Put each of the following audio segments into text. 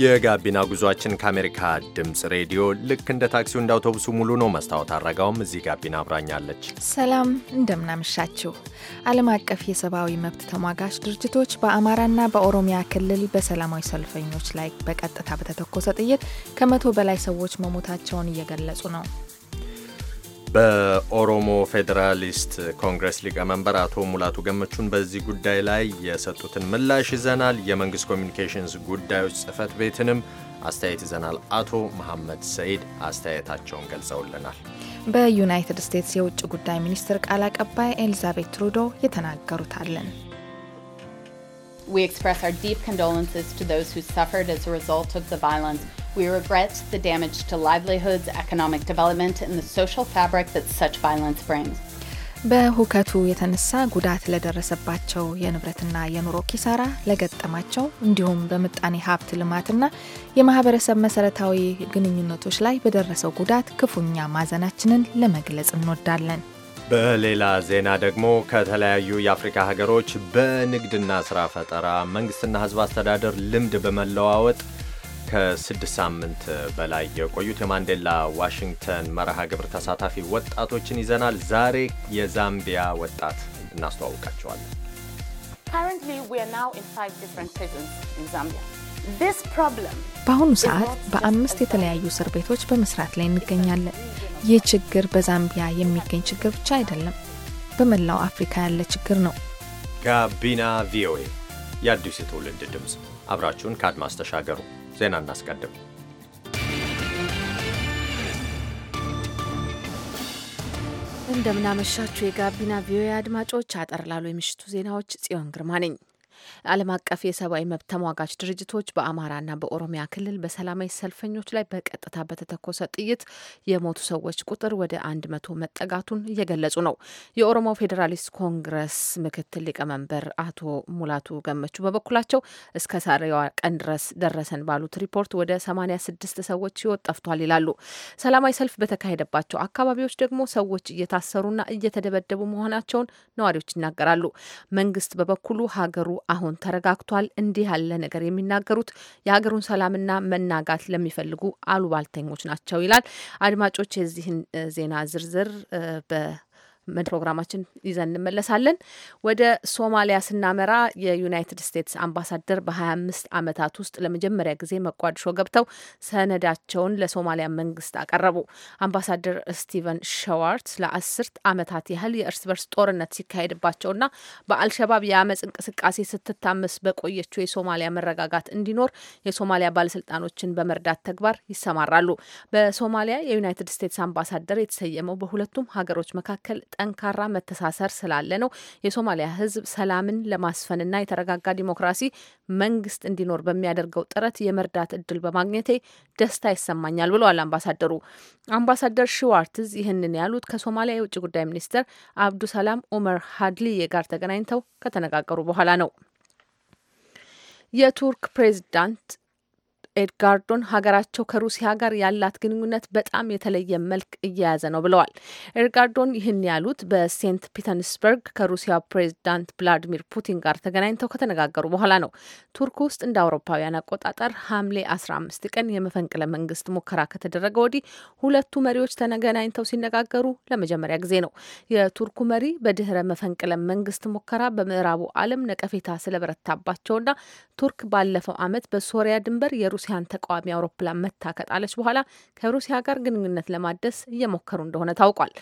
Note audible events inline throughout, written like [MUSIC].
የጋቢና ጉዟችን ከአሜሪካ ድምፅ ሬዲዮ ልክ እንደ ታክሲው እንደ አውቶቡሱ ሙሉ ነው። መስታወት አረጋውም እዚህ ጋቢና አብራኛለች። ሰላም እንደምናመሻችሁ። ዓለም አቀፍ የሰብአዊ መብት ተሟጋች ድርጅቶች በአማራና በኦሮሚያ ክልል በሰላማዊ ሰልፈኞች ላይ በቀጥታ በተተኮሰ ጥይት ከመቶ በላይ ሰዎች መሞታቸውን እየገለጹ ነው። በኦሮሞ ፌዴራሊስት ኮንግረስ ሊቀመንበር አቶ ሙላቱ ገመቹን በዚህ ጉዳይ ላይ የሰጡትን ምላሽ ይዘናል። የመንግስት ኮሚኒኬሽንስ ጉዳዮች ጽህፈት ቤትንም አስተያየት ይዘናል። አቶ መሐመድ ሰይድ አስተያየታቸውን ገልጸውልናል። በዩናይትድ ስቴትስ የውጭ ጉዳይ ሚኒስትር ቃል አቀባይ ኤሊዛቤት ትሩዶ የተናገሩታለን። We express our deep condolences to those who suffered as a result of the violence. We regret the damage to livelihoods, economic development, and the social fabric that such violence brings. በሁከቱ የተነሳ ጉዳት ለደረሰባቸው የንብረትና የኑሮ ኪሳራ ለገጠማቸው እንዲሁም በምጣኔ ሀብት ልማትና የማህበረሰብ መሰረታዊ ግንኙነቶች ላይ በደረሰው ጉዳት ክፉኛ ማዘናችንን ለመግለጽ እንወዳለን። በሌላ ዜና ደግሞ ከተለያዩ የአፍሪካ ሀገሮች በንግድና ስራ ፈጠራ መንግስትና ህዝብ አስተዳደር ልምድ በመለዋወጥ ከስድስት ሳምንት በላይ የቆዩት የማንዴላ ዋሽንግተን መርሃ ግብር ተሳታፊ ወጣቶችን ይዘናል። ዛሬ የዛምቢያ ወጣት እናስተዋውቃቸዋለን። በአሁኑ ሰዓት በአምስት የተለያዩ እስር ቤቶች በመስራት ላይ እንገኛለን። ይህ ችግር በዛምቢያ የሚገኝ ችግር ብቻ አይደለም፣ በመላው አፍሪካ ያለ ችግር ነው። ጋቢና ቪኦኤ የአዲሱ የትውልድ ድምፅ፣ አብራችሁን ከአድማስ ተሻገሩ። ዜና እናስቀድም። እንደምናመሻችሁ የጋቢና ቪኦኤ አድማጮች፣ አጠር ላሉ የምሽቱ ዜናዎች ጽዮን ግርማ ነኝ። ዓለም አቀፍ የሰብአዊ መብት ተሟጋች ድርጅቶች በአማራና በኦሮሚያ ክልል በሰላማዊ ሰልፈኞች ላይ በቀጥታ በተተኮሰ ጥይት የሞቱ ሰዎች ቁጥር ወደ አንድ መቶ መጠጋቱን እየገለጹ ነው። የኦሮሞ ፌዴራሊስት ኮንግረስ ምክትል ሊቀመንበር አቶ ሙላቱ ገመቹ በበኩላቸው እስከ ዛሬዋ ቀን ድረስ ደረሰን ባሉት ሪፖርት ወደ 86 ሰዎች ህይወት ጠፍቷል ይላሉ። ሰላማዊ ሰልፍ በተካሄደባቸው አካባቢዎች ደግሞ ሰዎች እየታሰሩና እየተደበደቡ መሆናቸውን ነዋሪዎች ይናገራሉ። መንግስት በበኩሉ ሀገሩ አሁን ተረጋግቷል። እንዲህ ያለ ነገር የሚናገሩት የሀገሩን ሰላምና መናጋት ለሚፈልጉ አሉባልተኞች ናቸው ይላል። አድማጮች የዚህን ዜና ዝርዝር በ ፕሮግራማችን ይዘን እንመለሳለን። ወደ ሶማሊያ ስናመራ የዩናይትድ ስቴትስ አምባሳደር በ25 ዓመታት ውስጥ ለመጀመሪያ ጊዜ መቋድሾ ገብተው ሰነዳቸውን ለሶማሊያ መንግስት አቀረቡ። አምባሳደር ስቲቨን ሸዋርት ለአስርት ዓመታት ያህል የእርስ በርስ ጦርነት ሲካሄድባቸውና በአልሸባብ የአመፅ እንቅስቃሴ ስትታመስ በቆየችው የሶማሊያ መረጋጋት እንዲኖር የሶማሊያ ባለስልጣኖችን በመርዳት ተግባር ይሰማራሉ። በሶማሊያ የዩናይትድ ስቴትስ አምባሳደር የተሰየመው በሁለቱም ሀገሮች መካከል ጠንካራ መተሳሰር ስላለ ነው። የሶማሊያ ህዝብ ሰላምን ለማስፈንና የተረጋጋ ዲሞክራሲ መንግስት እንዲኖር በሚያደርገው ጥረት የመርዳት እድል በማግኘቴ ደስታ ይሰማኛል ብለዋል አምባሳደሩ። አምባሳደር ሽዋርትዝ ይህንን ያሉት ከሶማሊያ የውጭ ጉዳይ ሚኒስትር አብዱሰላም ኦመር ሀድሊዬ ጋር ተገናኝተው ከተነጋገሩ በኋላ ነው። የቱርክ ፕሬዚዳንት ኤድጋርዶን ሀገራቸው ከሩሲያ ጋር ያላት ግንኙነት በጣም የተለየ መልክ እየያዘ ነው ብለዋል። ኤድጋርዶን ይህን ያሉት በሴንት ፒተርስበርግ ከሩሲያ ፕሬዚዳንት ቭላዲሚር ፑቲን ጋር ተገናኝተው ከተነጋገሩ በኋላ ነው። ቱርክ ውስጥ እንደ አውሮፓውያን አቆጣጠር ሐምሌ 15 ቀን የመፈንቅለ መንግስት ሙከራ ከተደረገ ወዲህ ሁለቱ መሪዎች ተገናኝተው ሲነጋገሩ ለመጀመሪያ ጊዜ ነው። የቱርኩ መሪ በድህረ መፈንቅለ መንግስት ሙከራ በምዕራቡ ዓለም ነቀፌታ ስለበረታባቸውና ቱርክ ባለፈው ዓመት በሶሪያ ድንበር የሩ የሩሲያን ተቃዋሚ አውሮፕላን መታ ከጣለች በኋላ ከሩሲያ ጋር ግንኙነት ለማደስ እየሞከሩ እንደሆነ ታውቋል።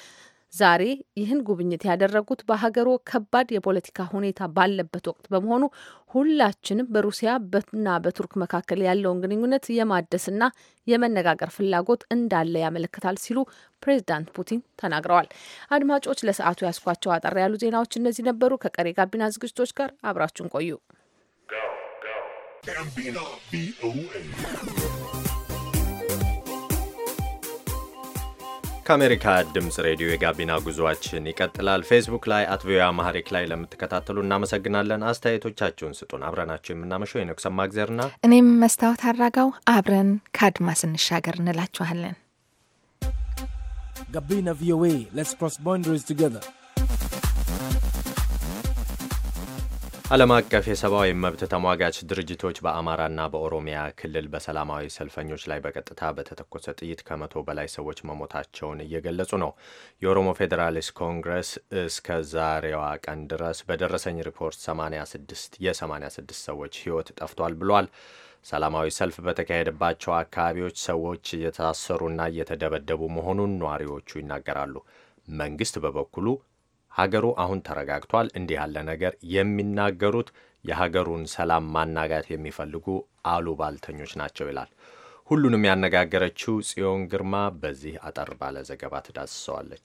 ዛሬ ይህን ጉብኝት ያደረጉት በሀገሩ ከባድ የፖለቲካ ሁኔታ ባለበት ወቅት በመሆኑ ሁላችንም በሩሲያ በሩሲያና በቱርክ መካከል ያለውን ግንኙነት የማደስና የመነጋገር ፍላጎት እንዳለ ያመለክታል ሲሉ ፕሬዚዳንት ፑቲን ተናግረዋል። አድማጮች፣ ለሰዓቱ ያስኳቸው አጠር ያሉ ዜናዎች እነዚህ ነበሩ። ከቀሪ ጋቢና ዝግጅቶች ጋር አብራችሁን ቆዩ። ጋቢና ቪኦኤ ከአሜሪካ ድምፅ ሬዲዮ የጋቢና ጉዟችን ይቀጥላል። ፌስቡክ ላይ አት ቪኦኤ አማሪክ ላይ ለምትከታተሉ እናመሰግናለን። አስተያየቶቻችሁን ስጡን። አብረናቸው የምናመሸው የንኩሰ ማግዘርና እኔም መስታወት አድራጋው አብረን ከአድማስ እንሻገር እንላችኋለን። ጋቢና ቪኦኤ ሌትስ ክሮስ ባውንደሪስ ቱጌዘር ዓለም አቀፍ የሰብአዊ መብት ተሟጋች ድርጅቶች በአማራና በኦሮሚያ ክልል በሰላማዊ ሰልፈኞች ላይ በቀጥታ በተተኮሰ ጥይት ከመቶ በላይ ሰዎች መሞታቸውን እየገለጹ ነው። የኦሮሞ ፌዴራሊስት ኮንግረስ እስከ ዛሬዋ ቀን ድረስ በደረሰኝ ሪፖርት 86 የ86 ሰዎች ሕይወት ጠፍቷል ብሏል። ሰላማዊ ሰልፍ በተካሄደባቸው አካባቢዎች ሰዎች እየታሰሩና እየተደበደቡ መሆኑን ነዋሪዎቹ ይናገራሉ። መንግስት በበኩሉ ሀገሩ አሁን ተረጋግቷል፣ እንዲህ ያለ ነገር የሚናገሩት የሀገሩን ሰላም ማናጋት የሚፈልጉ አሉባልተኞች ናቸው ይላል። ሁሉንም ያነጋገረችው ጽዮን ግርማ በዚህ አጠር ባለ ዘገባ ትዳስሰዋለች።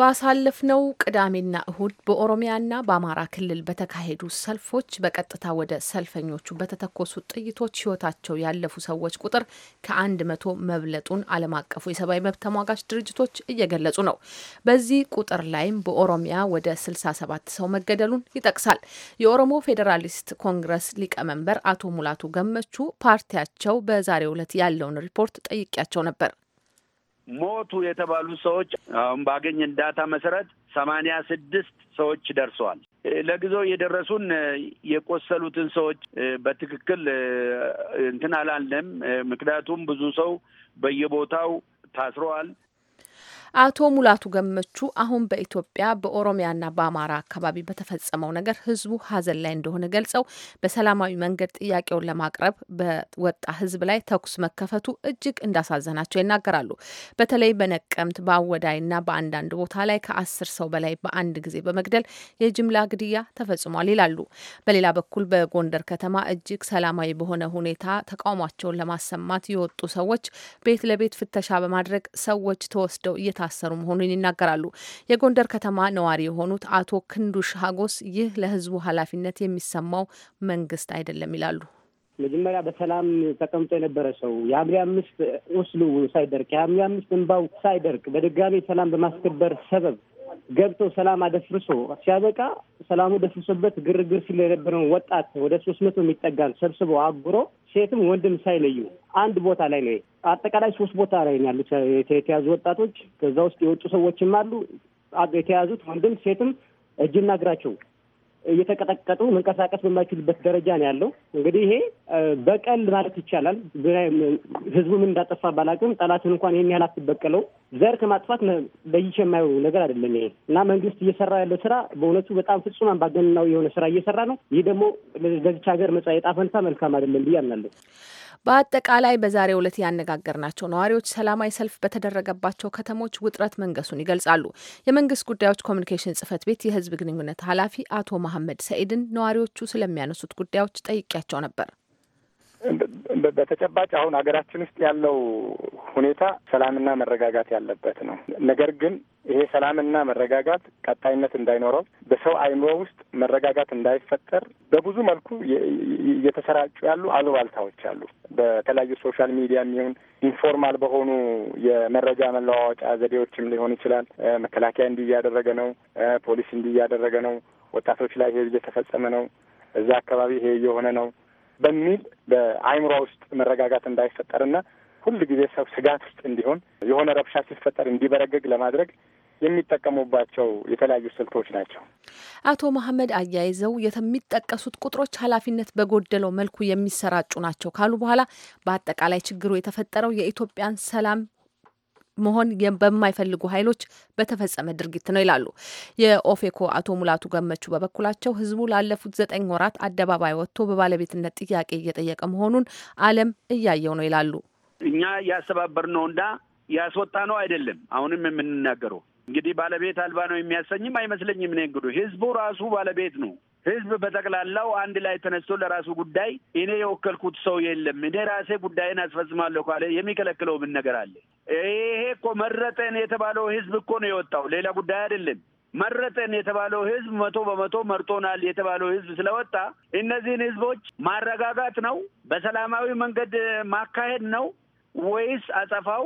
ባሳለፍነው ቅዳሜና እሁድ በኦሮሚያና በአማራ ክልል በተካሄዱ ሰልፎች በቀጥታ ወደ ሰልፈኞቹ በተተኮሱ ጥይቶች ሕይወታቸው ያለፉ ሰዎች ቁጥር ከአንድ መቶ መብለጡን ዓለም አቀፉ የሰብአዊ መብት ተሟጋች ድርጅቶች እየገለጹ ነው። በዚህ ቁጥር ላይም በኦሮሚያ ወደ 67 ሰው መገደሉን ይጠቅሳል። የኦሮሞ ፌዴራሊስት ኮንግረስ ሊቀመንበር አቶ ሙላቱ ገመቹ ፓርቲያቸው በዛሬው ዕለት ያለውን ሪፖርት ጠይቄያቸው ነበር። ሞቱ የተባሉ ሰዎች አሁን ባገኝ እንዳታ መሰረት ሰማንያ ስድስት ሰዎች ደርሰዋል። ለጊዜው የደረሱን የቆሰሉትን ሰዎች በትክክል እንትን አላለም። ምክንያቱም ብዙ ሰው በየቦታው ታስረዋል። አቶ ሙላቱ ገመቹ አሁን በኢትዮጵያ በኦሮሚያና በአማራ አካባቢ በተፈጸመው ነገር ህዝቡ ሀዘን ላይ እንደሆነ ገልጸው በሰላማዊ መንገድ ጥያቄውን ለማቅረብ በወጣ ህዝብ ላይ ተኩስ መከፈቱ እጅግ እንዳሳዘናቸው ይናገራሉ። በተለይ በነቀምት በአወዳይና በአንዳንድ ቦታ ላይ ከአስር ሰው በላይ በአንድ ጊዜ በመግደል የጅምላ ግድያ ተፈጽሟል ይላሉ። በሌላ በኩል በጎንደር ከተማ እጅግ ሰላማዊ በሆነ ሁኔታ ተቃውሟቸውን ለማሰማት የወጡ ሰዎች ቤት ለቤት ፍተሻ በማድረግ ሰዎች ተወስደው እየታ የታሰሩ መሆኑን ይናገራሉ። የጎንደር ከተማ ነዋሪ የሆኑት አቶ ክንዱሽ ሀጎስ ይህ ለህዝቡ ኃላፊነት የሚሰማው መንግስት አይደለም ይላሉ። መጀመሪያ በሰላም ተቀምጦ የነበረ ሰው የሐምሌ አምስት ቁስሉ ሳይደርቅ የሐምሌ አምስት እንባው ሳይደርቅ በድጋሚ ሰላም በማስከበር ሰበብ ገብቶ ሰላም አደፍርሶ ሲያበቃ ሰላሙ ደፍርሶበት ግርግር ሲል የነበረውን ወጣት ወደ ሶስት መቶ የሚጠጋን ሰብስቦ አጉሮ ሴትም ወንድም ሳይለዩ አንድ ቦታ ላይ ነው። አጠቃላይ ሶስት ቦታ ላይ ነው ያሉት የተያዙ ወጣቶች። ከዛ ውስጥ የወጡ ሰዎችም አሉ። የተያዙት ወንድም ሴትም እጅና እግራቸው እየተቀጠቀጡ መንቀሳቀስ በማይችሉበት ደረጃ ነው ያለው። እንግዲህ ይሄ በቀል ማለት ይቻላል። ህዝቡ ምን እንዳጠፋ ባላቅም ጠላትን እንኳን ይህን ያህል አትበቀለው። ዘር ከማጥፋት ለይቼ የማየው ነገር አይደለም ይሄ እና መንግስት እየሰራ ያለው ስራ በእውነቱ በጣም ፍጹም አምባገነናዊ የሆነ ስራ እየሰራ ነው። ይህ ደግሞ ለዚች ሀገር መጻኢ ዕጣ ፈንታ መልካም አይደለም ብዬ አምናለሁ። በአጠቃላይ በዛሬው ዕለት ያነጋገርናቸው ነዋሪዎች ሰላማዊ ሰልፍ በተደረገባቸው ከተሞች ውጥረት መንገሱን ይገልጻሉ። የመንግስት ጉዳዮች ኮሚኒኬሽን ጽህፈት ቤት የህዝብ ግንኙነት ኃላፊ አቶ መሐመድ ሰኢድን ነዋሪዎቹ ስለሚያነሱት ጉዳዮች ጠይቄያቸው ነበር። በተጨባጭ አሁን ሀገራችን ውስጥ ያለው ሁኔታ ሰላምና መረጋጋት ያለበት ነው። ነገር ግን ይሄ ሰላምና መረጋጋት ቀጣይነት እንዳይኖረው በሰው አይምሮ ውስጥ መረጋጋት እንዳይፈጠር በብዙ መልኩ እየተሰራጩ ያሉ አሉባልታዎች አሉ። በተለያዩ ሶሻል ሚዲያ የሚሆን ኢንፎርማል በሆኑ የመረጃ መለዋወጫ ዘዴዎችም ሊሆን ይችላል። መከላከያ እንዲህ እያደረገ ነው፣ ፖሊስ እንዲህ እያደረገ ነው፣ ወጣቶች ላይ ይሄ እየተፈጸመ ነው፣ እዛ አካባቢ ይሄ እየሆነ ነው በሚል በአይምሮ ውስጥ መረጋጋት እንዳይፈጠርና ሁል ጊዜ ሰው ስጋት ውስጥ እንዲሆን የሆነ ረብሻ ሲፈጠር እንዲበረግግ ለማድረግ የሚጠቀሙባቸው የተለያዩ ስልቶች ናቸው። አቶ መሀመድ አያይዘው የሚጠቀሱት ቁጥሮች ኃላፊነት በጎደለው መልኩ የሚሰራጩ ናቸው ካሉ በኋላ በአጠቃላይ ችግሩ የተፈጠረው የኢትዮጵያን ሰላም መሆን በማይፈልጉ ኃይሎች በተፈጸመ ድርጊት ነው ይላሉ። የኦፌኮ አቶ ሙላቱ ገመቹ በበኩላቸው ህዝቡ ላለፉት ዘጠኝ ወራት አደባባይ ወጥቶ በባለቤትነት ጥያቄ እየጠየቀ መሆኑን ዓለም እያየው ነው ይላሉ። እኛ ያስተባበር ነው እና ያስወጣ ነው አይደለም። አሁንም የምንናገረው እንግዲህ ባለቤት አልባ ነው የሚያሰኝም አይመስለኝም። እኔ እንግዲህ ህዝቡ ራሱ ባለቤት ነው ህዝብ በጠቅላላው አንድ ላይ ተነስቶ ለራሱ ጉዳይ እኔ የወከልኩት ሰው የለም፣ እኔ ራሴ ጉዳይን አስፈጽማለሁ ካለ የሚከለክለው ምን ነገር አለ? ይሄ እኮ መረጠን የተባለው ህዝብ እኮ ነው የወጣው፣ ሌላ ጉዳይ አይደለም። መረጠን የተባለው ህዝብ መቶ በመቶ መርጦናል የተባለው ህዝብ ስለወጣ እነዚህን ህዝቦች ማረጋጋት ነው፣ በሰላማዊ መንገድ ማካሄድ ነው ወይስ አጸፋው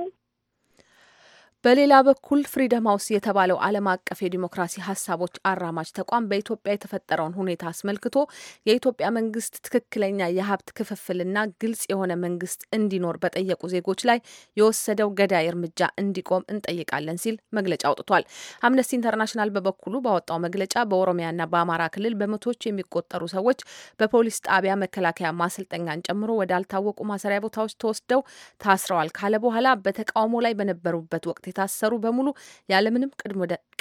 በሌላ በኩል ፍሪደም ሀውስ የተባለው ዓለም አቀፍ የዲሞክራሲ ሀሳቦች አራማጅ ተቋም በኢትዮጵያ የተፈጠረውን ሁኔታ አስመልክቶ የኢትዮጵያ መንግስት ትክክለኛ የሀብት ክፍፍልና ግልጽ የሆነ መንግስት እንዲኖር በጠየቁ ዜጎች ላይ የወሰደው ገዳይ እርምጃ እንዲቆም እንጠይቃለን ሲል መግለጫ አውጥቷል። አምነስቲ ኢንተርናሽናል በበኩሉ ባወጣው መግለጫ በኦሮሚያና በአማራ ክልል በመቶዎች የሚቆጠሩ ሰዎች በፖሊስ ጣቢያ መከላከያ ማሰልጠኛን ጨምሮ ወዳልታወቁ ማሰሪያ ቦታዎች ተወስደው ታስረዋል ካለ በኋላ በተቃውሞ ላይ በነበሩበት ወቅት የታሰሩ በሙሉ ያለምንም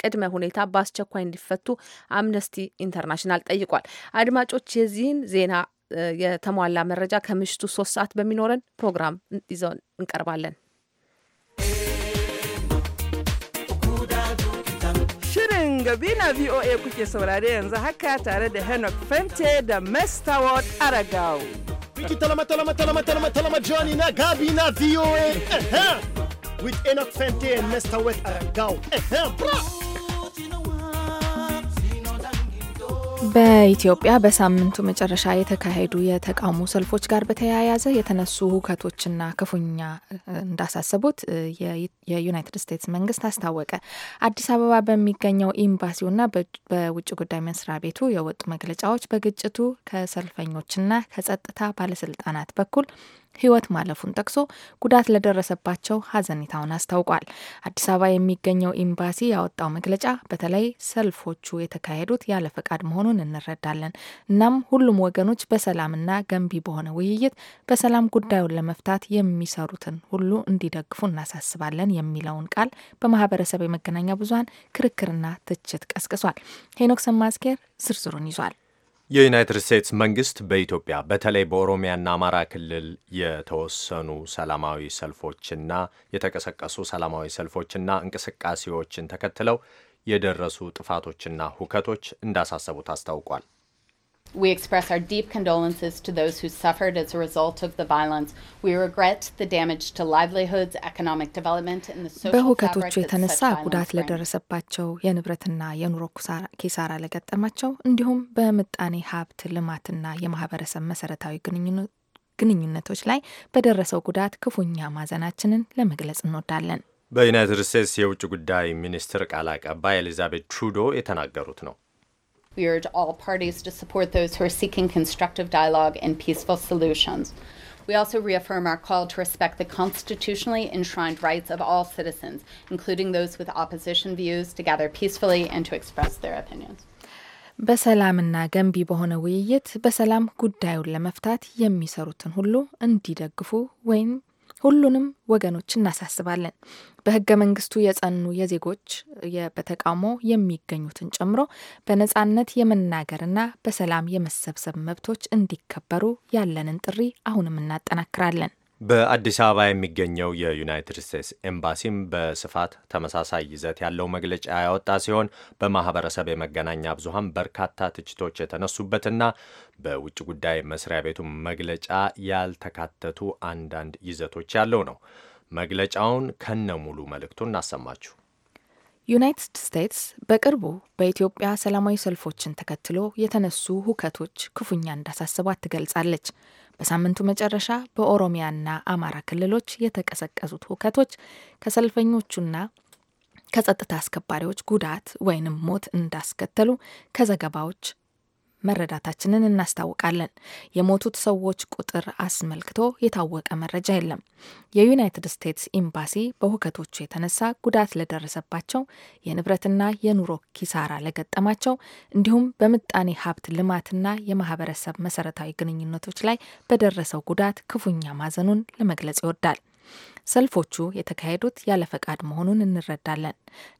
ቅድመ ሁኔታ በአስቸኳይ እንዲፈቱ አምነስቲ ኢንተርናሽናል ጠይቋል። አድማጮች የዚህን ዜና የተሟላ መረጃ ከምሽቱ ሶስት ሰዓት በሚኖረን ፕሮግራም ይዘን እንቀርባለን። Shirin Gabina VOA kuke saurare yanzu haka tare da Henok Fente da Mestaward Aragao. Biki talama talama talama talama talama Johnny na Gabina VOA. with Enoch Fenty and Mr. Wet Arangao. በኢትዮጵያ በሳምንቱ መጨረሻ የተካሄዱ የተቃውሞ ሰልፎች ጋር በተያያዘ የተነሱ ሁከቶችና ክፉኛ እንዳሳሰቡት የዩናይትድ ስቴትስ መንግስት አስታወቀ። አዲስ አበባ በሚገኘው ኤምባሲውና በውጭ ጉዳይ መስሪያ ቤቱ የወጡ መግለጫዎች በግጭቱ ከሰልፈኞችና ከጸጥታ ባለስልጣናት በኩል ህይወት ማለፉን ጠቅሶ ጉዳት ለደረሰባቸው ሀዘኔታውን አስታውቋል። አዲስ አበባ የሚገኘው ኤምባሲ ያወጣው መግለጫ በተለይ ሰልፎቹ የተካሄዱት ያለ ፈቃድ መሆኑን እንረዳለን። እናም ሁሉም ወገኖች በሰላምና ገንቢ በሆነ ውይይት በሰላም ጉዳዩን ለመፍታት የሚሰሩትን ሁሉ እንዲደግፉ እናሳስባለን የሚለውን ቃል በማህበረሰብ የመገናኛ ብዙሀን ክርክርና ትችት ቀስቅሷል። ሄኖክ ሰማስኬር ዝርዝሩን ይዟል። የዩናይትድ ስቴትስ መንግስት በኢትዮጵያ በተለይ በኦሮሚያና አማራ ክልል የተወሰኑ ሰላማዊ ሰልፎችና የተቀሰቀሱ ሰላማዊ ሰልፎችና እንቅስቃሴዎችን ተከትለው የደረሱ ጥፋቶችና ሁከቶች እንዳሳሰቡት አስታውቋል። We express our deep condolences to those who suffered as a result of the violence. We regret the damage to livelihoods, economic development, and the social በሁከቶቹ የተነሳ ጉዳት ለደረሰባቸው የንብረትና የኑሮ ኪሳራ ለገጠማቸው እንዲሁም በምጣኔ ሀብት ልማትና የማህበረሰብ መሰረታዊ ግንኙነቶች ላይ በደረሰው ጉዳት ክፉኛ ማዘናችንን ለመግለጽ እንወዳለን። በዩናይትድ ስቴትስ የውጭ ጉዳይ ሚኒስትር ቃል አቀባይ ኤሊዛቤት ትሩዶ የተናገሩት ነው። We urge all parties to support those who are seeking constructive dialogue and peaceful solutions. We also reaffirm our call to respect the constitutionally enshrined rights of all citizens, including those with opposition views, to gather peacefully and to express their opinions. በሰላምና ገንቢ በሆነ ውይይት በሰላም ጉዳዩን ለመፍታት የሚሰሩትን ሁሉ እንዲደግፉ ወይም ሁሉንም ወገኖች እናሳስባለን። በህገ መንግስቱ የጸኑ የዜጎች በተቃውሞ የሚገኙትን ጨምሮ በነጻነት የመናገርና በሰላም የመሰብሰብ መብቶች እንዲከበሩ ያለንን ጥሪ አሁንም እናጠናክራለን። በአዲስ አበባ የሚገኘው የዩናይትድ ስቴትስ ኤምባሲም በስፋት ተመሳሳይ ይዘት ያለው መግለጫ ያወጣ ሲሆን በማህበረሰብ የመገናኛ ብዙሃን በርካታ ትችቶች የተነሱበትና በውጭ ጉዳይ መስሪያ ቤቱ መግለጫ ያልተካተቱ አንዳንድ ይዘቶች ያለው ነው። መግለጫውን ከነሙሉ መልእክቱ እናሰማችሁ። ዩናይትድ ስቴትስ በቅርቡ በኢትዮጵያ ሰላማዊ ሰልፎችን ተከትሎ የተነሱ ሁከቶች ክፉኛ እንዳሳስባት ትገልጻለች። በሳምንቱ መጨረሻ በኦሮሚያና አማራ ክልሎች የተቀሰቀሱት ሁከቶች ከሰልፈኞቹና ከጸጥታ አስከባሪዎች ጉዳት ወይንም ሞት እንዳስከተሉ ከዘገባዎች መረዳታችንን እናስታውቃለን። የሞቱት ሰዎች ቁጥር አስመልክቶ የታወቀ መረጃ የለም። የዩናይትድ ስቴትስ ኤምባሲ በሁከቶቹ የተነሳ ጉዳት ለደረሰባቸው የንብረትና የኑሮ ኪሳራ ለገጠማቸው እንዲሁም በምጣኔ ሀብት ልማትና የማህበረሰብ መሰረታዊ ግንኙነቶች ላይ በደረሰው ጉዳት ክፉኛ ማዘኑን ለመግለጽ ይወዳል። ሰልፎቹ የተካሄዱት ያለ ፈቃድ መሆኑን እንረዳለን።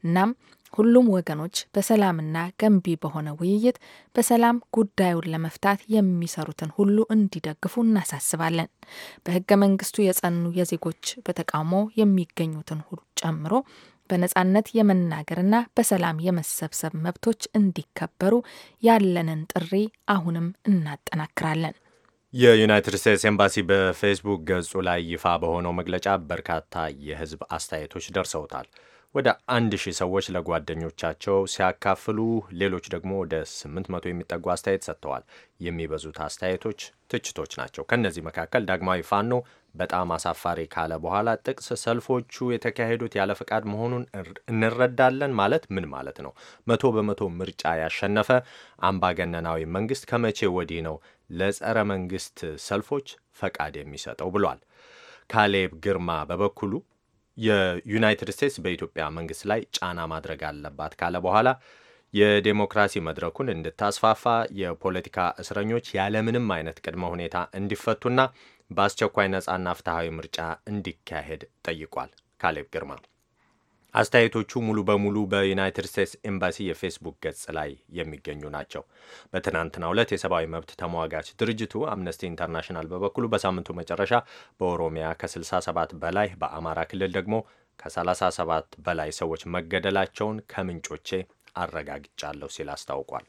እናም ሁሉም ወገኖች በሰላምና ገንቢ በሆነ ውይይት በሰላም ጉዳዩን ለመፍታት የሚሰሩትን ሁሉ እንዲደግፉ እናሳስባለን። በህገ መንግስቱ የጸኑ የዜጎች በተቃውሞ የሚገኙትን ሁሉ ጨምሮ በነጻነት የመናገርና በሰላም የመሰብሰብ መብቶች እንዲከበሩ ያለንን ጥሪ አሁንም እናጠናክራለን። የዩናይትድ ስቴትስ ኤምባሲ በፌስቡክ ገጹ ላይ ይፋ በሆነው መግለጫ በርካታ የህዝብ አስተያየቶች ደርሰውታል። ወደ አንድ ሺህ ሰዎች ለጓደኞቻቸው ሲያካፍሉ ሌሎች ደግሞ ወደ 800 የሚጠጉ አስተያየት ሰጥተዋል። የሚበዙት አስተያየቶች ትችቶች ናቸው። ከእነዚህ መካከል ዳግማዊ ፋኖ በጣም አሳፋሪ ካለ በኋላ ጥቅስ ሰልፎቹ የተካሄዱት ያለ ፈቃድ መሆኑን እንረዳለን ማለት ምን ማለት ነው? መቶ በመቶ ምርጫ ያሸነፈ አምባገነናዊ መንግስት ከመቼ ወዲህ ነው ለጸረ መንግስት ሰልፎች ፈቃድ የሚሰጠው? ብሏል። ካሌብ ግርማ በበኩሉ የዩናይትድ ስቴትስ በኢትዮጵያ መንግስት ላይ ጫና ማድረግ አለባት ካለ በኋላ የዴሞክራሲ መድረኩን እንድታስፋፋ የፖለቲካ እስረኞች ያለምንም አይነት ቅድመ ሁኔታ እንዲፈቱና በአስቸኳይ ነጻና ፍትሐዊ ምርጫ እንዲካሄድ ጠይቋል። ካሌብ ግርማ አስተያየቶቹ ሙሉ በሙሉ በዩናይትድ ስቴትስ ኤምባሲ የፌስቡክ ገጽ ላይ የሚገኙ ናቸው። በትናንትናው ዕለት የሰብአዊ መብት ተሟጋች ድርጅቱ አምነስቲ ኢንተርናሽናል በበኩሉ በሳምንቱ መጨረሻ በኦሮሚያ ከ67 በላይ በአማራ ክልል ደግሞ ከ37 በላይ ሰዎች መገደላቸውን ከምንጮቼ አረጋግጫለሁ ሲል አስታውቋል።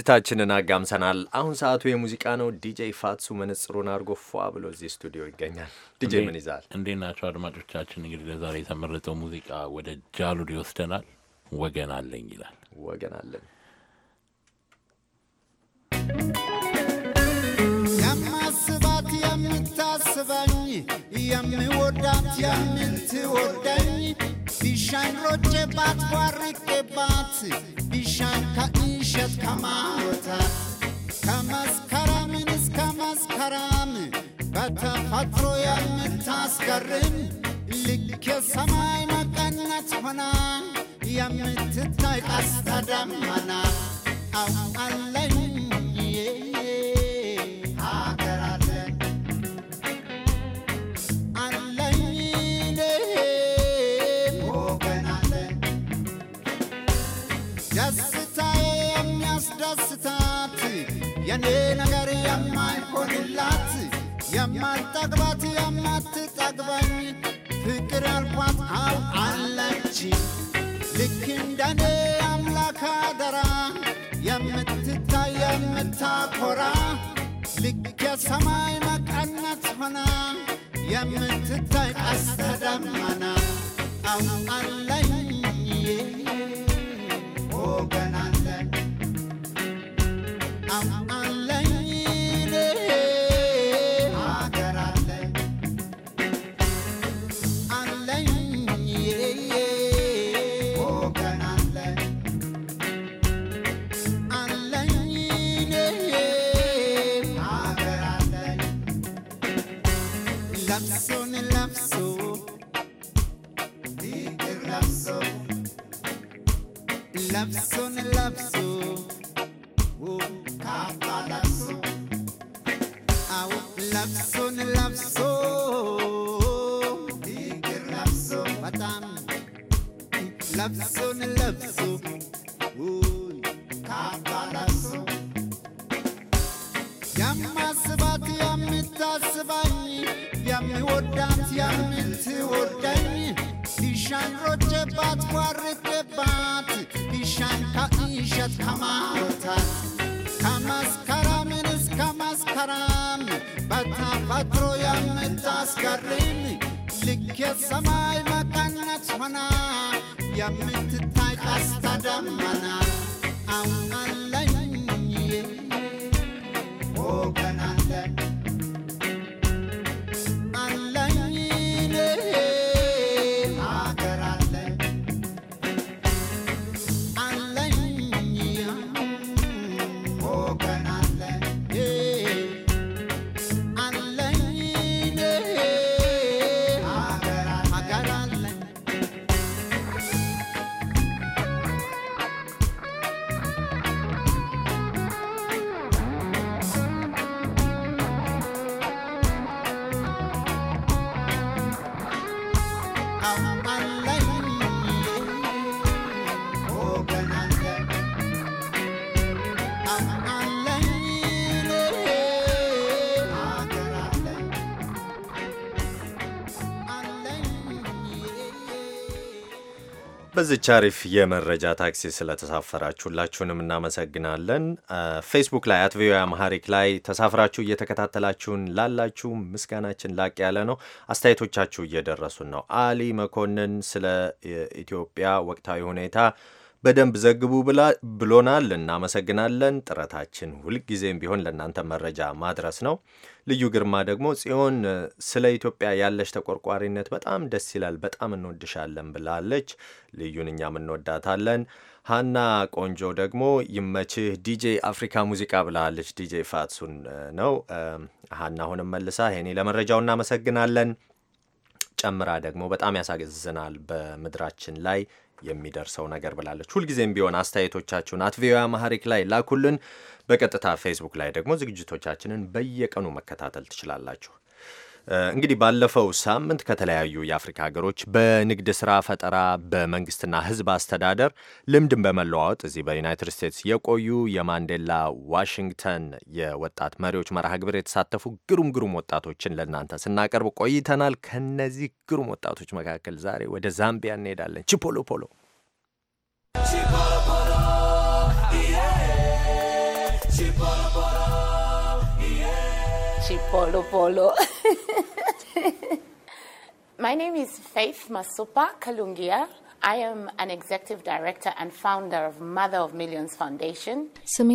ዝግጅታችንን አጋምሰናል። አሁን ሰዓቱ የሙዚቃ ነው። ዲጄ ፋትሱ መነጽሩን አድርጎ ፏ ብሎ እዚህ ስቱዲዮ ይገኛል። ዲጄ ምን ይዛል? እንዴት ናቸው አድማጮቻችን? እንግዲህ ለዛሬ የተመረጠው ሙዚቃ ወደ ጃሉድ ይወስደናል። ወገን አለኝ ይላል። ወገን አለኝ የማስባት የምታስበኝ የምወዳት የምትወደኝ ቢሻኝ ሮጬባት ባርቄባት shirt kamata kamas karam is kamas karam bata hatro ya mitas karim lik ya samay makanat hana ya mitta astadam allah ልክ እንደኔ አምላክ አደራ የምትታይ የምታኮራ ልክ የሰማይ መቀነት ሆና የምትታይ ቀስተ ደመና ታስባኝ የሚወዳት የምትወዳኝ ዲሻን ሮጀባት ቧርደባት ዲሻን ከኢሸት ከማወታት ከመስከረምን እስከ መስከረም በተፈጥሮ የምታስገርም ልክ የሰማይ መቀነት ሆና የምትታይ ቀስተ ደመና አሁን በዚች አሪፍ የመረጃ ታክሲ ስለተሳፈራችሁ ሁላችሁንም እናመሰግናለን። ፌስቡክ ላይ አት ቪኦኤ አማሃሪክ ላይ ተሳፍራችሁ እየተከታተላችሁን ላላችሁ ምስጋናችን ላቅ ያለ ነው። አስተያየቶቻችሁ እየደረሱን ነው። አሊ መኮንን ስለ ኢትዮጵያ ወቅታዊ ሁኔታ በደንብ ዘግቡ ብሎናል። እናመሰግናለን። ጥረታችን ሁልጊዜም ቢሆን ለእናንተ መረጃ ማድረስ ነው። ልዩ ግርማ ደግሞ ጽዮን፣ ስለ ኢትዮጵያ ያለች ተቆርቋሪነት በጣም ደስ ይላል፣ በጣም እንወድሻለን ብላለች። ልዩን እኛም እንወዳታለን። ሀና ቆንጆ ደግሞ ይመችህ ዲጄ አፍሪካ ሙዚቃ ብላለች። ዲጄ ፋትሱን ነው ሀና። አሁንም መልሳ ሄኔ ለመረጃው እናመሰግናለን ጨምራ ደግሞ በጣም ያሳዝናል በምድራችን ላይ የሚደርሰው ነገር ብላለች። ሁልጊዜም ቢሆን አስተያየቶቻችሁን አት ቪኦኤ አማሪክ ላይ ላኩልን። በቀጥታ ፌስቡክ ላይ ደግሞ ዝግጅቶቻችንን በየቀኑ መከታተል ትችላላችሁ። እንግዲህ ባለፈው ሳምንት ከተለያዩ የአፍሪካ ሀገሮች በንግድ ስራ ፈጠራ፣ በመንግስትና ህዝብ አስተዳደር ልምድን በመለዋወጥ እዚህ በዩናይትድ ስቴትስ የቆዩ የማንዴላ ዋሽንግተን የወጣት መሪዎች መርሃ ግብር የተሳተፉ ግሩም ግሩም ወጣቶችን ለእናንተ ስናቀርብ ቆይተናል። ከነዚህ ግሩም ወጣቶች መካከል ዛሬ ወደ ዛምቢያ እንሄዳለን። ቺፖሎ ፖሎ ቺፖሎ ፖሎ Polo Polo. [LAUGHS] My name is Faith Masupa Kalungia. I am an executive director and founder of Mother of Millions Foundation. ስሜ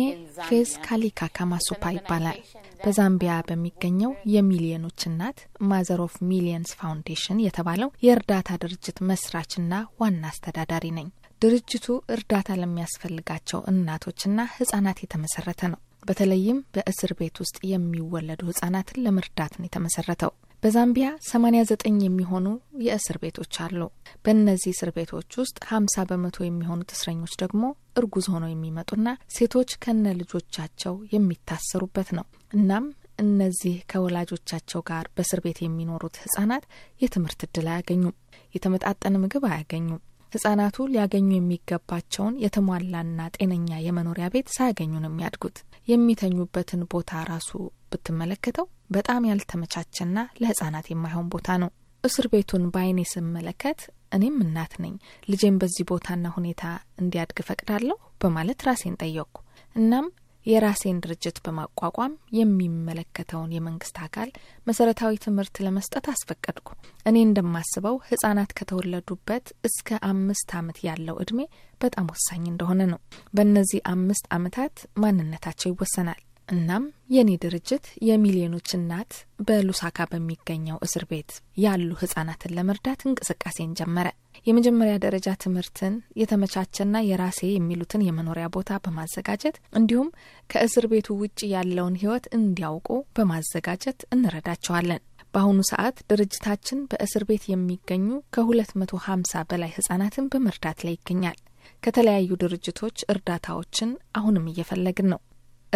ፌዝ ካሊካካ ማሱፓ ይባላል። በዛምቢያ በሚገኘው የሚሊዮኖች እናት ማዘር ኦፍ ሚሊየንስ ፋውንዴሽን የተባለው የእርዳታ ድርጅት መስራችና ዋና አስተዳዳሪ ነኝ። ድርጅቱ እርዳታ ለሚያስፈልጋቸው እናቶችና ህጻናት የተመሰረተ ነው። በተለይም በእስር ቤት ውስጥ የሚወለዱ ህጻናትን ለመርዳት ነው የተመሰረተው። በዛምቢያ 89 የሚሆኑ የእስር ቤቶች አሉ። በእነዚህ እስር ቤቶች ውስጥ 50 በመቶ የሚሆኑት እስረኞች ደግሞ እርጉዝ ሆነው የሚመጡና ሴቶች ከነ ልጆቻቸው የሚታሰሩበት ነው። እናም እነዚህ ከወላጆቻቸው ጋር በእስር ቤት የሚኖሩት ህጻናት የትምህርት እድል አያገኙም፣ የተመጣጠነ ምግብ አያገኙም፣ ህጻናቱ ሊያገኙ የሚገባቸውን የተሟላና ጤነኛ የመኖሪያ ቤት ሳያገኙ ነው የሚያድጉት። የሚተኙበትን ቦታ ራሱ ብትመለከተው በጣም ያልተመቻቸና ለህጻናት የማይሆን ቦታ ነው። እስር ቤቱን በአይኔ ስመለከት እኔም እናት ነኝ፣ ልጄም በዚህ ቦታና ሁኔታ እንዲያድግ ፈቅዳለሁ በማለት ራሴን ጠየቅኩ። እናም የራሴን ድርጅት በማቋቋም የሚመለከተውን የመንግስት አካል መሰረታዊ ትምህርት ለመስጠት አስፈቀድኩ። እኔ እንደማስበው ህጻናት ከተወለዱበት እስከ አምስት ዓመት ያለው እድሜ በጣም ወሳኝ እንደሆነ ነው። በእነዚህ አምስት ዓመታት ማንነታቸው ይወሰናል። እናም የኔ ድርጅት የሚሊዮኖች እናት በሉሳካ በሚገኘው እስር ቤት ያሉ ህጻናትን ለመርዳት እንቅስቃሴን ጀመረ። የመጀመሪያ ደረጃ ትምህርትን የተመቻቸና የራሴ የሚሉትን የመኖሪያ ቦታ በማዘጋጀት እንዲሁም ከእስር ቤቱ ውጭ ያለውን ህይወት እንዲያውቁ በማዘጋጀት እንረዳቸዋለን። በአሁኑ ሰዓት ድርጅታችን በእስር ቤት የሚገኙ ከ250 በላይ ህጻናትን በመርዳት ላይ ይገኛል። ከተለያዩ ድርጅቶች እርዳታዎችን አሁንም እየፈለግን ነው።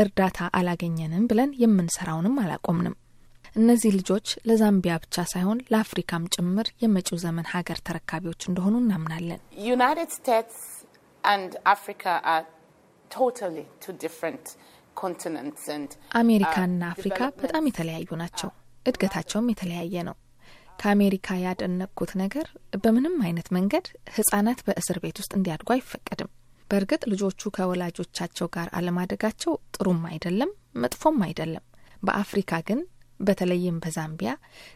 እርዳታ አላገኘንም ብለን የምንሰራውንም አላቆምንም። እነዚህ ልጆች ለዛምቢያ ብቻ ሳይሆን ለአፍሪካም ጭምር የመጪው ዘመን ሀገር ተረካቢዎች እንደሆኑ እናምናለን። ዩናይትድ ስቴትስ አንድ አፍሪካ አር ቶታሊ ቱ ዲፍረንት ኮንቲነንትስ አሜሪካና አፍሪካ በጣም የተለያዩ ናቸው። እድገታቸውም የተለያየ ነው። ከአሜሪካ ያደነቅኩት ነገር በምንም አይነት መንገድ ህጻናት በእስር ቤት ውስጥ እንዲያድጉ አይፈቀድም። በእርግጥ ልጆቹ ከወላጆቻቸው ጋር አለማደጋቸው ጥሩም አይደለም፣ መጥፎም አይደለም። በአፍሪካ ግን በተለይም በዛምቢያ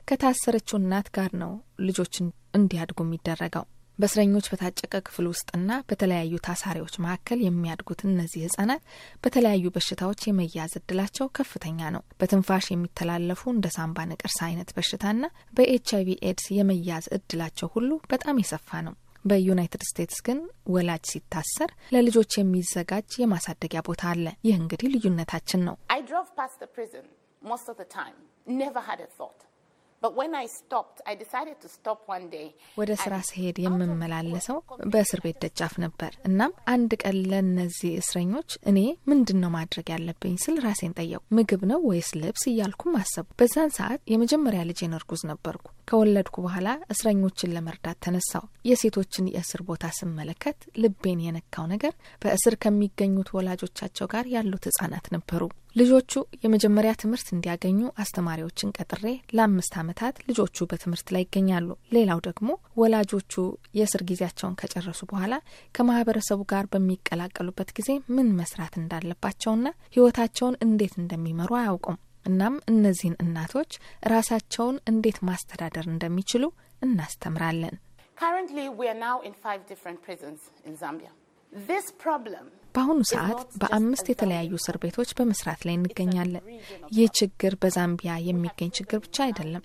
ከታሰረችው እናት ጋር ነው ልጆች እንዲያድጉ የሚደረገው። በእስረኞች በታጨቀ ክፍል ውስጥና በተለያዩ ታሳሪዎች መካከል የሚያድጉት እነዚህ ህጻናት በተለያዩ በሽታዎች የመያዝ እድላቸው ከፍተኛ ነው። በትንፋሽ የሚተላለፉ እንደ ሳምባ ነቀርሳ አይነት በሽታና በኤች አይቪ ኤድስ የመያዝ እድላቸው ሁሉ በጣም የሰፋ ነው። በዩናይትድ ስቴትስ ግን ወላጅ ሲታሰር ለልጆች የሚዘጋጅ የማሳደጊያ ቦታ አለ። ይህ እንግዲህ ልዩነታችን ነው። ወደ ስራ ስሄድ የምመላለሰው በእስር ቤት ደጃፍ ነበር። እናም አንድ ቀን ለእነዚህ እስረኞች እኔ ምንድን ነው ማድረግ ያለብኝ ስል ራሴን ጠየቁ። ምግብ ነው ወይስ ልብስ እያልኩም አሰቡ። በዛን ሰዓት የመጀመሪያ ልጄን እርጉዝ ነበርኩ። ከወለድኩ በኋላ እስረኞችን ለመርዳት ተነሳው። የሴቶችን የእስር ቦታ ስመለከት ልቤን የነካው ነገር በእስር ከሚገኙት ወላጆቻቸው ጋር ያሉት ህጻናት ነበሩ። ልጆቹ የመጀመሪያ ትምህርት እንዲያገኙ አስተማሪዎችን ቀጥሬ ለአምስት ዓመታት ልጆቹ በትምህርት ላይ ይገኛሉ። ሌላው ደግሞ ወላጆቹ የእስር ጊዜያቸውን ከጨረሱ በኋላ ከማህበረሰቡ ጋር በሚቀላቀሉበት ጊዜ ምን መስራት እንዳለባቸውና ህይወታቸውን እንዴት እንደሚመሩ አያውቁም። እናም እነዚህን እናቶች ራሳቸውን እንዴት ማስተዳደር እንደሚችሉ እናስተምራለን። በአሁኑ ሰዓት በአምስት የተለያዩ እስር ቤቶች በመስራት ላይ እንገኛለን። ይህ ችግር በዛምቢያ የሚገኝ ችግር ብቻ አይደለም፣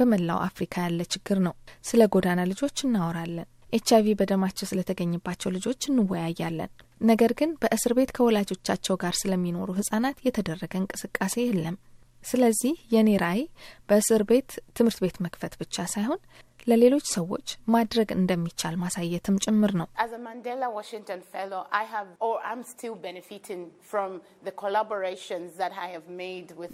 በመላው አፍሪካ ያለ ችግር ነው። ስለ ጎዳና ልጆች እናወራለን። ኤች አይቪ በደማቸው ስለተገኘባቸው ልጆች እንወያያለን። ነገር ግን በእስር ቤት ከወላጆቻቸው ጋር ስለሚኖሩ ህጻናት የተደረገ እንቅስቃሴ የለም። ስለዚህ የኔ ራዕይ በእስር ቤት ትምህርት ቤት መክፈት ብቻ ሳይሆን ለሌሎች ሰዎች ማድረግ እንደሚቻል ማሳየትም ጭምር ነው።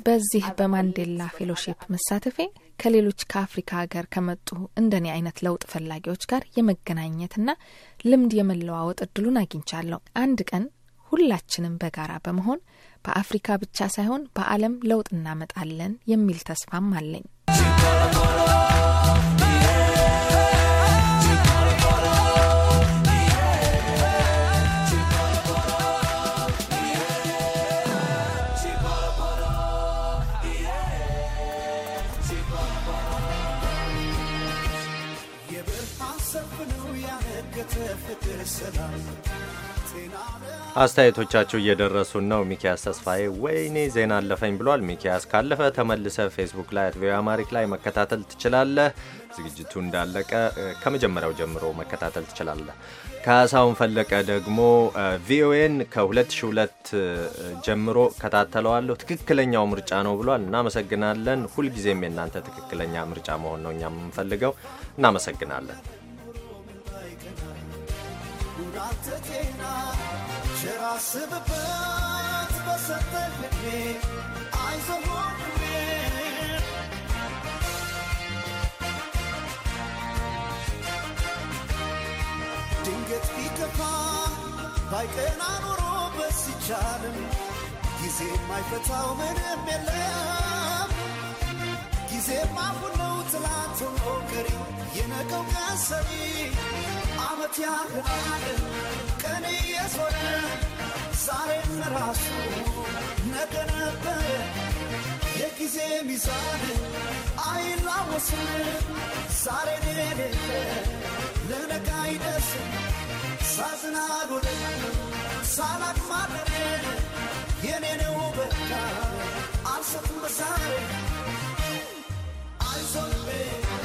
በዚህ በማንዴላ ፌሎሺፕ መሳተፌ ከሌሎች ከአፍሪካ ሀገር ከመጡ እንደኔ አይነት ለውጥ ፈላጊዎች ጋር የመገናኘትና ልምድ የመለዋወጥ እድሉን አግኝቻለሁ። አንድ ቀን ሁላችንም በጋራ በመሆን በአፍሪካ ብቻ ሳይሆን በዓለም ለውጥ እናመጣለን የሚል ተስፋም አለኝ። አስተያየቶቻችሁ እየደረሱን ነው። ሚኪያስ ተስፋዬ ወይኔ ዜና አለፈኝ ብሏል። ሚኪያስ ካለፈ ተመልሰ ፌስቡክ ላይ አትቪ አማሪክ ላይ መከታተል ትችላለህ። ዝግጅቱ እንዳለቀ ከመጀመሪያው ጀምሮ መከታተል ትችላለህ። ካሳሁን ፈለቀ ደግሞ ቪኦኤን ከ2002 ጀምሮ ከታተለዋለሁ ትክክለኛው ምርጫ ነው ብሏል። እናመሰግናለን። ሁልጊዜም የእናንተ ትክክለኛ ምርጫ መሆን ነው እኛ የምንፈልገው። እናመሰግናለን። ላስብበት በሰጠህ ዕድሜ አይዞህ ድንገት ቢከፋ ባይቀና ኖሮ በስቻልም ጊዜ የማይፈታው ምንም የለም ጊዜ ማሁን የትላንቱ ሞከሪ የነገው ቀሰሪ አመት ያህል ቀን እየዞረ ዛሬም ራሱ ነገ ነበር። የጊዜ ሚዛን አይላወስም። ዛሬ ሌሌለ ለነገ አይደርስም። ሳዝን አልውልም ሳላቅ ማደር የኔ በቃ አልስትም በዛሬ sorvete.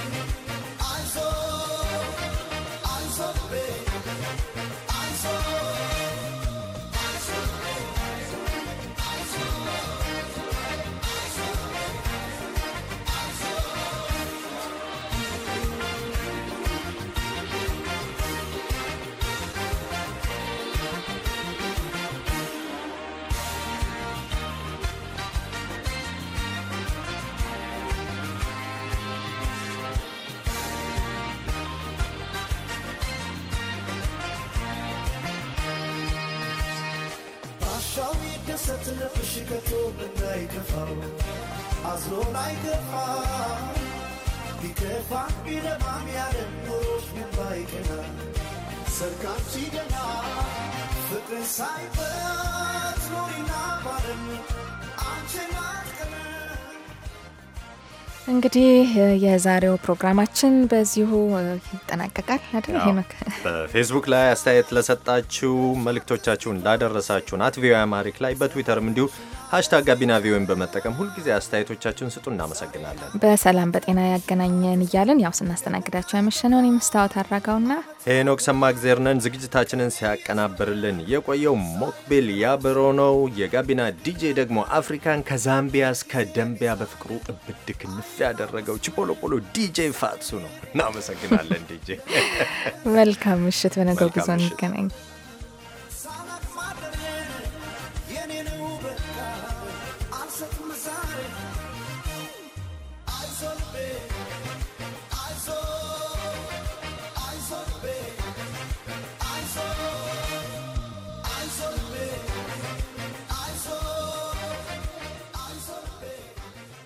ሲደሰት ልብሽ ከቶ እንዳይከፋው አዝሮ ላይከፋ ቢከፋ ቢለማም ያለም ኖሮሽ ምን ባይቀና ሰርካቺ ደና ፍቅር ሳይበት ኖሪና ባለም እንግዲህ የዛሬው ፕሮግራማችን በዚሁ ይጠናቀቃል በፌስቡክ ላይ አስተያየት ለሰጣችሁ መልእክቶቻችሁ ላደረሳችሁን አት ቪኦኤ አማሪክ ላይ በትዊተርም እንዲሁ ሀሽታግ ጋቢና ቪኦኤን በመጠቀም ሁልጊዜ አስተያየቶቻችሁን ስጡ። እናመሰግናለን። በሰላም በጤና ያገናኘን እያለን ያው ስናስተናግዳቸው ያመሸነውን የመስታወት አድራጋውና ሄኖክ ሰማ ግዜርነን ዝግጅታችንን ሲያቀናብርልን የቆየው ሞክቤል ያብሮ ነው። የጋቢና ዲጄ ደግሞ አፍሪካን ከዛምቢያ እስከ ደንቢያ በፍቅሩ እብድ ክንፍ ያደረገው ችፖሎፖሎ ዲጄ ፋትሱ ነው። እናመሰግናለን ዲጄ። [LAUGHS] መልካም ምሽት። በነገው ጉዞ እንገናኝ።